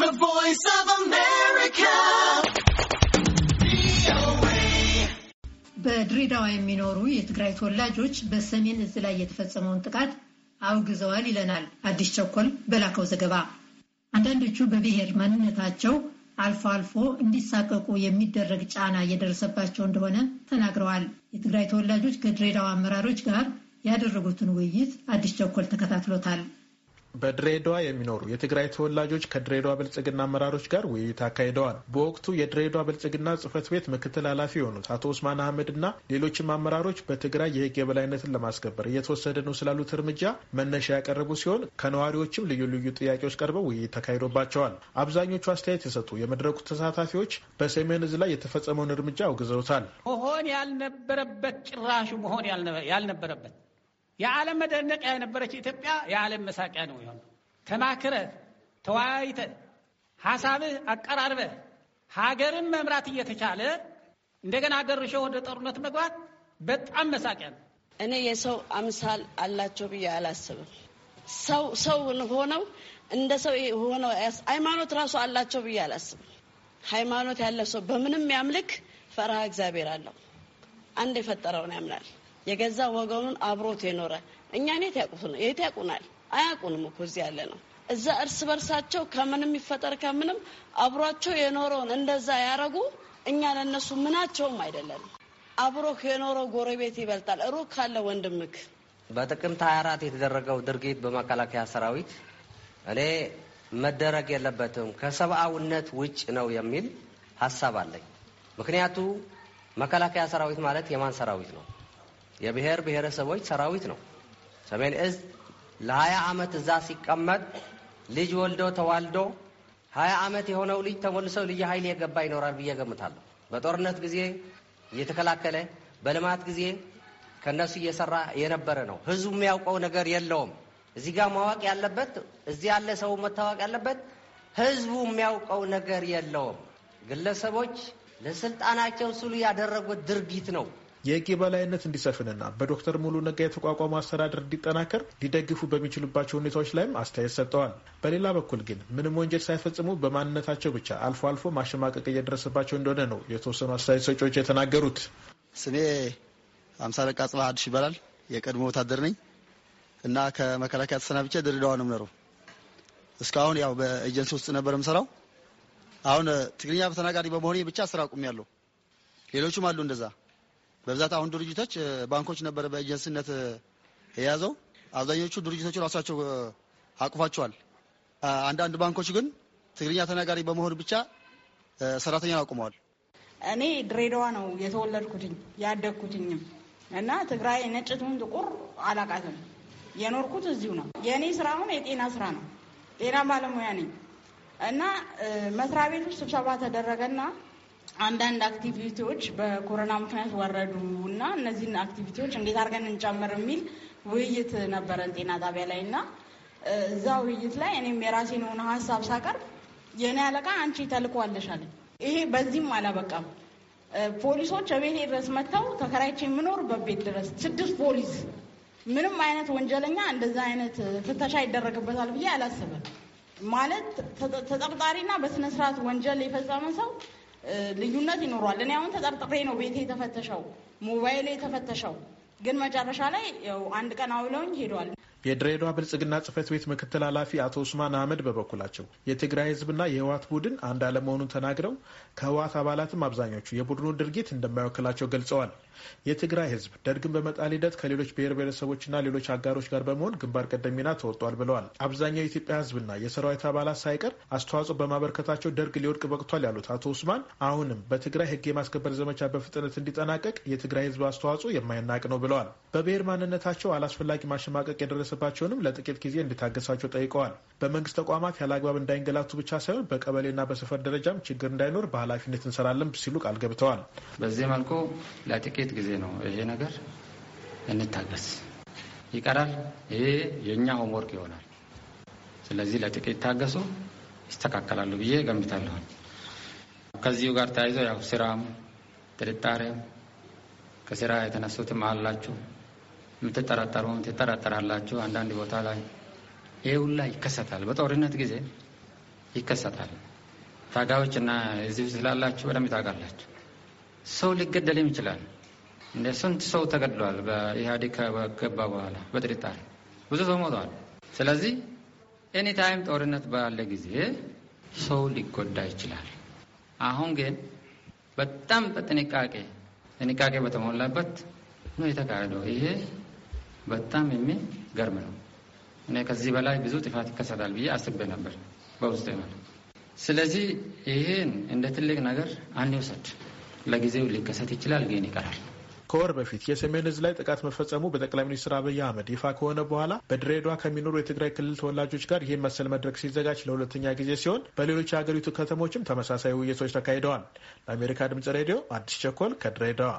The Voice of America. በድሬዳዋ የሚኖሩ የትግራይ ተወላጆች በሰሜን እዝ ላይ የተፈጸመውን ጥቃት አውግዘዋል ይለናል አዲስ ቸኮል በላከው ዘገባ። አንዳንዶቹ በብሔር ማንነታቸው አልፎ አልፎ እንዲሳቀቁ የሚደረግ ጫና እየደረሰባቸው እንደሆነ ተናግረዋል። የትግራይ ተወላጆች ከድሬዳዋ አመራሮች ጋር ያደረጉትን ውይይት አዲስ ቸኮል ተከታትሎታል። በድሬዳዋ የሚኖሩ የትግራይ ተወላጆች ከድሬዳዋ ብልጽግና አመራሮች ጋር ውይይት አካሂደዋል። በወቅቱ የድሬዳዋ ብልጽግና ጽህፈት ቤት ምክትል ኃላፊ የሆኑት አቶ ኡስማን እና ሌሎችም አመራሮች በትግራይ የህግ የበላይነትን ለማስከበር እየተወሰደ ነው ስላሉት እርምጃ መነሻ ያቀረቡ ሲሆን ከነዋሪዎችም ልዩ ልዩ ጥያቄዎች ቀርበው ውይይት ተካሂዶባቸዋል። አብዛኞቹ አስተያየት የሰጡ የመድረኩ ተሳታፊዎች በሰሜን እዝ ላይ የተፈጸመውን እርምጃ አውግዘውታል። መሆን ያልነበረበት ጭራሹ መሆን ያልነበረበት የዓለም መደነቂያ የነበረች ኢትዮጵያ የዓለም መሳቂያ ነው የሆነ። ተማክረ ተወያይተ ሀሳብህ አቀራርበ ሀገርን መምራት እየተቻለ እንደገና ገርሾ ወደ ጦርነት መግባት በጣም መሳቂያ ነው። እኔ የሰው አምሳል አላቸው ብዬ አላስብም። ሰው ሰው ሆነው እንደ ሰው ሆነው ሃይማኖት ራሱ አላቸው ብዬ አላስብም። ሃይማኖት ያለ ሰው በምንም ያምልክ ፈርሃ እግዚአብሔር አለው። አንድ የፈጠረውን ያምናል። የገዛ ወገኑን አብሮት የኖረ እኛ ኔት ያቁት ነው የት ያቁናል? አያቁንም እኮ እዚህ ያለ ነው። እዛ እርስ በርሳቸው ከምንም ይፈጠር ከምንም አብሯቸው የኖረውን እንደዛ ያረጉ እኛ ለነሱ ምናቸውም አይደለም። አብሮህ የኖረው ጎረቤት ይበልጣል፣ ሩቅ ካለ ወንድምክ። በጥቅምት 24 የተደረገው ድርጊት በመከላከያ ሰራዊት እኔ መደረግ የለበትም ከሰብአዊነት ውጭ ነው የሚል ሀሳብ አለኝ። ምክንያቱ መከላከያ ሰራዊት ማለት የማን ሰራዊት ነው? የብሔር ብሔረሰቦች ሰራዊት ነው። ሰሜን እዝ ለሀያ ዓመት እዛ ሲቀመጥ ልጅ ወልዶ ተዋልዶ ሀያ ዓመት የሆነው ልጅ ተመልሰው ልዩ ኃይል የገባ ይኖራል ብዬ ገምታለሁ። በጦርነት ጊዜ እየተከላከለ በልማት ጊዜ ከእነሱ እየሰራ የነበረ ነው። ህዝቡ የሚያውቀው ነገር የለውም። እዚህ ጋር ማወቅ ያለበት እዚህ ያለ ሰው መታወቅ ያለበት ህዝቡ የሚያውቀው ነገር የለውም። ግለሰቦች ለስልጣናቸው ስሉ ያደረጉት ድርጊት ነው። የህግ የበላይነት እንዲሰፍንና በዶክተር ሙሉ ነጋ የተቋቋመ አስተዳደር እንዲጠናከር ሊደግፉ በሚችሉባቸው ሁኔታዎች ላይም አስተያየት ሰጥተዋል። በሌላ በኩል ግን ምንም ወንጀል ሳይፈጽሙ በማንነታቸው ብቻ አልፎ አልፎ ማሸማቀቅ እየደረሰባቸው እንደሆነ ነው የተወሰኑ አስተያየት ሰጪዎች የተናገሩት። ስሜ አምሳ አለቃ ጽባህ አድሽ ይባላል። የቀድሞ ወታደር ነኝ እና ከመከላከያ ተሰናብቼ ድሬዳዋ ነው የምኖረው። እስካሁን ያው በኤጀንሲ ውስጥ ነበር የምሰራው። አሁን ትግርኛ በተናጋሪ በመሆኔ ብቻ ስራ አቁሜያለሁ። ሌሎቹም አሉ እንደዛ በብዛት አሁን ድርጅቶች ባንኮች ነበረ በኤጀንሲነት የያዘው። አብዛኞቹ ድርጅቶች ራሳቸው አቁፋቸዋል። አንዳንድ ባንኮች ግን ትግርኛ ተናጋሪ በመሆን ብቻ ሰራተኛን አቁመዋል። እኔ ድሬዳዋ ነው የተወለድኩትኝ ያደግኩትኝም እና ትግራይ ነጭ ትሁን ጥቁር አላቃትም። የኖርኩት እዚሁ ነው። የእኔ ስራ አሁን የጤና ስራ ነው። ጤና ባለሙያ ነኝ እና መስሪያ ቤቶች ስብሰባ ተደረገና አንዳንድ አክቲቪቲዎች በኮሮና ምክንያት ወረዱ እና እነዚህን አክቲቪቲዎች እንዴት አድርገን እንጨምር የሚል ውይይት ነበረን ጤና ጣቢያ ላይ እና እዛ ውይይት ላይ እኔም የራሴን የሆነ ሀሳብ ሳቀርብ የእኔ አለቃ አንቺ ተልኳለሽ አለኝ። ይሄ በዚህም አላበቃም። ፖሊሶች እቤቴ ድረስ መጥተው ተከራይቼ የምኖርበት ቤት ድረስ ስድስት ፖሊስ ምንም አይነት ወንጀለኛ እንደዛ አይነት ፍተሻ ይደረግበታል ብዬ አላስብም። ማለት ተጠርጣሪና በስነስርዓት ወንጀል የፈጸመ ሰው ልዩነት ይኖረዋል። እኔ አሁን ተጠርጥሬ ነው ቤቴ የተፈተሸው፣ ሞባይል የተፈተሸው ግን መጨረሻ ላይ ያው አንድ ቀን አውለውኝ ሄደዋል። የድሬዳዋ ብልጽግና ጽህፈት ቤት ምክትል ኃላፊ አቶ ኡስማን አህመድ በበኩላቸው የትግራይ ህዝብና የህወሀት ቡድን አንድ አለመሆኑን ተናግረው ከህወሀት አባላትም አብዛኞቹ የቡድኑ ድርጊት እንደማይወክላቸው ገልጸዋል። የትግራይ ህዝብ ደርግን በመጣል ሂደት ከሌሎች ብሔር ብሔረሰቦችና ሌሎች አጋሮች ጋር በመሆን ግንባር ቀደም ሚና ብለዋል። አብዛኛው የኢትዮጵያ ህዝብና የሰራዊት አባላት ሳይቀር አስተዋጽኦ በማበርከታቸው ደርግ ሊወድቅ በቅቷል ያሉት አቶ ኡስማን አሁንም በትግራይ ህግ የማስከበር ዘመቻ በፍጥነት እንዲጠናቀቅ የትግራይ ህዝብ አስተዋጽኦ የማይናቅ ነው ብለዋል። በብሔር ማንነታቸው አላስፈላጊ ማሸማቀቅ የደረሰ የሚደርስባቸውንም ለጥቂት ጊዜ እንዲታገሳቸው ጠይቀዋል። በመንግስት ተቋማት ያለ አግባብ እንዳይንገላቱ ብቻ ሳይሆን በቀበሌና በሰፈር ደረጃም ችግር እንዳይኖር በኃላፊነት እንሰራለን ሲሉ ቃል ገብተዋል። በዚህ መልኩ ለጥቂት ጊዜ ነው ይሄ ነገር እንታገስ ይቀራል። ይሄ የእኛ ሆምወርክ ይሆናል። ስለዚህ ለጥቂት ታገሱ፣ ይስተካከላሉ ብዬ ገምታለሁ። ከዚሁ ጋር ተያይዞ ያው ስራም ጥርጣሬም ከስራ የተነሱትም አላችሁ የምትጠራጠሩ ትጠረጠራላችሁ። አንዳንድ ቦታ ላይ ይህ ሁላ ይከሰታል። በጦርነት ጊዜ ይከሰታል። ታጋዮች እና እዚህ ስላላችሁ በደንብ ታውቃላችሁ። ሰው ሊገደልም ይችላል። እንደ ስንት ሰው ተገድሏል። በኢህአዴግ ከገባ በኋላ በጥርጣሬ ብዙ ሰው ሞተዋል። ስለዚህ ኤኒ ታይም ጦርነት ባለ ጊዜ ሰው ሊጎዳ ይችላል። አሁን ግን በጣም በጥንቃቄ ጥንቃቄ በተሞላበት ነው የተካሄደው ይሄ በጣም የሚገርም ነው። እኔ ከዚህ በላይ ብዙ ጥፋት ይከሰታል ብዬ አስቤ ነበር በውስጤ ማለት። ስለዚህ ይህን እንደ ትልቅ ነገር አንውሰድ። ለጊዜው ሊከሰት ይችላል፣ ግን ይቀራል። ከወር በፊት የሰሜን ህዝብ ላይ ጥቃት መፈጸሙ በጠቅላይ ሚኒስትር አብይ አህመድ ይፋ ከሆነ በኋላ በድሬዳዋ ከሚኖሩ የትግራይ ክልል ተወላጆች ጋር ይህን መሰል መድረክ ሲዘጋጅ ለሁለተኛ ጊዜ ሲሆን በሌሎች የሀገሪቱ ከተሞችም ተመሳሳይ ውይይቶች ተካሂደዋል። ለአሜሪካ ድምጽ ሬዲዮ አዲስ ቸኮል ከድሬዳዋ